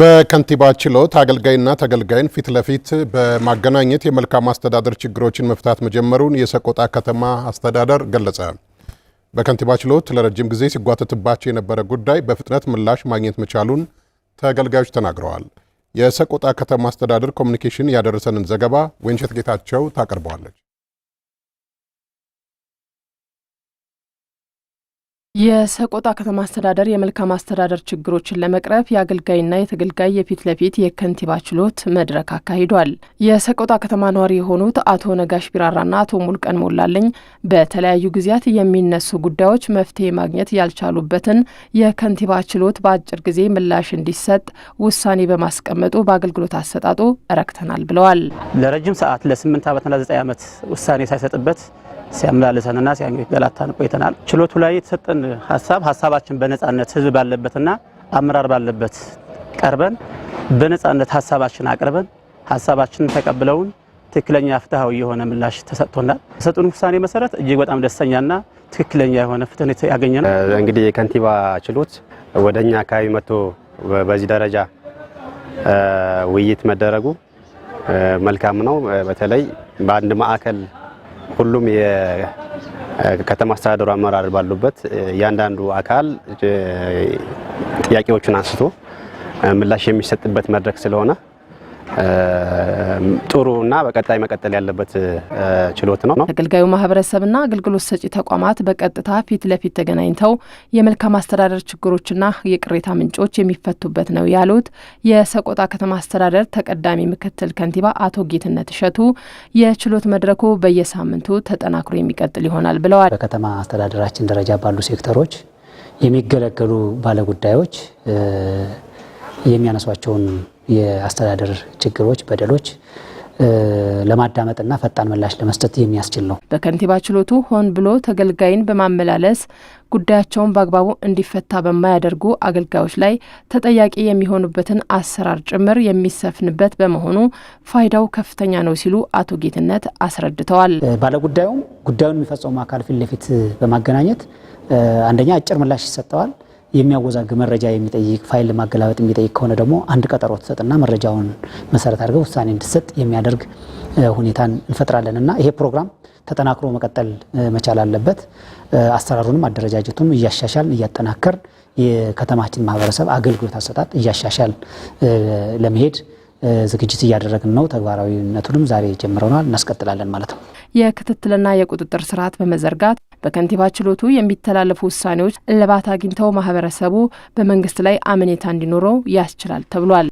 በከንቲባ ችሎት አገልጋይና ተገልጋይን ፊት ለፊት በማገናኘት የመልካም አስተዳደር ችግሮችን መፍታት መጀመሩን የሰቆጣ ከተማ አስተዳደር ገለጸ። በከንቲባ ችሎት ለረጅም ጊዜ ሲጓተትባቸው የነበረ ጉዳይ በፍጥነት ምላሽ ማግኘት መቻሉን ተገልጋዮች ተናግረዋል። የሰቆጣ ከተማ አስተዳደር ኮሚኒኬሽን ያደረሰንን ዘገባ ወይንሸት ጌታቸው ታቀርበዋለች። የሰቆጣ ከተማ አስተዳደር የመልካም አስተዳደር ችግሮችን ለመቅረፍ የአገልጋይና የተገልጋይ የፊት ለፊት የከንቲባ ችሎት መድረክ አካሂዷል። የሰቆጣ ከተማ ነዋሪ የሆኑት አቶ ነጋሽ ቢራራና አቶ ሙልቀን ሞላለኝ በተለያዩ ጊዜያት የሚነሱ ጉዳዮች መፍትሄ ማግኘት ያልቻሉበትን የከንቲባ ችሎት በአጭር ጊዜ ምላሽ እንዲሰጥ ውሳኔ በማስቀመጡ በአገልግሎት አሰጣጡ ረክተናል ብለዋል። ለረጅም ሰዓት ለስምንት ዓመትና ዘጠኝ ዓመት ውሳኔ ሳይሰጥበት ሲያመላልሰንና ሲያንገላታን ቆይተናል። ችሎቱ ላይ የተሰጠን ሀሳብ ሀሳባችን በነጻነት ህዝብ ባለበትና አመራር ባለበት ቀርበን በነጻነት ሀሳባችን አቅርበን ሀሳባችንን ተቀብለውን ትክክለኛ ፍትሐዊ የሆነ ምላሽ ተሰጥቶናል። ሰጡን ውሳኔ መሰረት እጅግ በጣም ደስተኛና ትክክለኛ የሆነ ፍትህ ያገኘ ነው። እንግዲህ የከንቲባ ችሎት ወደ እኛ አካባቢ መጥቶ በዚህ ደረጃ ውይይት መደረጉ መልካም ነው። በተለይ በአንድ ማዕከል ሁሉም ከተማ አስተዳደሩ አመራር ባሉበት እያንዳንዱ አካል ጥያቄዎቹን አንስቶ ምላሽ የሚሰጥበት መድረክ ስለሆነ ጥሩ እና በቀጣይ መቀጠል ያለበት ችሎት ነው። ተገልጋዩ ማህበረሰብና አገልግሎት ሰጪ ተቋማት በቀጥታ ፊት ለፊት ተገናኝተው የመልካም አስተዳደር ችግሮችና የቅሬታ ምንጮች የሚፈቱበት ነው ያሉት የሰቆጣ ከተማ አስተዳደር ተቀዳሚ ምክትል ከንቲባ አቶ ጌትነት እሸቱ የችሎት መድረኩ በየሳምንቱ ተጠናክሮ የሚቀጥል ይሆናል ብለዋል። በከተማ አስተዳደራችን ደረጃ ባሉ ሴክተሮች የሚገለገሉ ባለጉዳዮች የሚያነሷቸውን የአስተዳደር ችግሮች፣ በደሎች ለማዳመጥና ፈጣን ምላሽ ለመስጠት የሚያስችል ነው። በከንቲባ ችሎቱ ሆን ብሎ ተገልጋይን በማመላለስ ጉዳያቸውን በአግባቡ እንዲፈታ በማያደርጉ አገልጋዮች ላይ ተጠያቂ የሚሆኑበትን አሰራር ጭምር የሚሰፍንበት በመሆኑ ፋይዳው ከፍተኛ ነው ሲሉ አቶ ጌትነት አስረድተዋል። ባለጉዳዩም ጉዳዩን የሚፈጸሙ አካል ፊት ለፊት በማገናኘት አንደኛ አጭር ምላሽ ይሰጠዋል። የሚያወዛግ መረጃ የሚጠይቅ ፋይል ማገላበጥ የሚጠይቅ ከሆነ ደግሞ አንድ ቀጠሮ ትሰጥና መረጃውን መሰረት አድርገ ውሳኔ እንዲሰጥ የሚያደርግ ሁኔታን እንፈጥራለን እና ይሄ ፕሮግራም ተጠናክሮ መቀጠል መቻል አለበት። አሰራሩንም አደረጃጀቱንም እያሻሻል እያጠናከር የከተማችን ማህበረሰብ አገልግሎት አሰጣጥ እያሻሻል ለመሄድ ዝግጅት እያደረግን ነው። ተግባራዊነቱንም ዛሬ ጀምረናል፣ እናስቀጥላለን ማለት ነው። የክትትልና የቁጥጥር ስርዓት በመዘርጋት በከንቲባ ችሎቱ የሚተላለፉ ውሳኔዎች እልባት አግኝተው ማህበረሰቡ በመንግስት ላይ አመኔታ እንዲኖረው ያስችላል ተብሏል።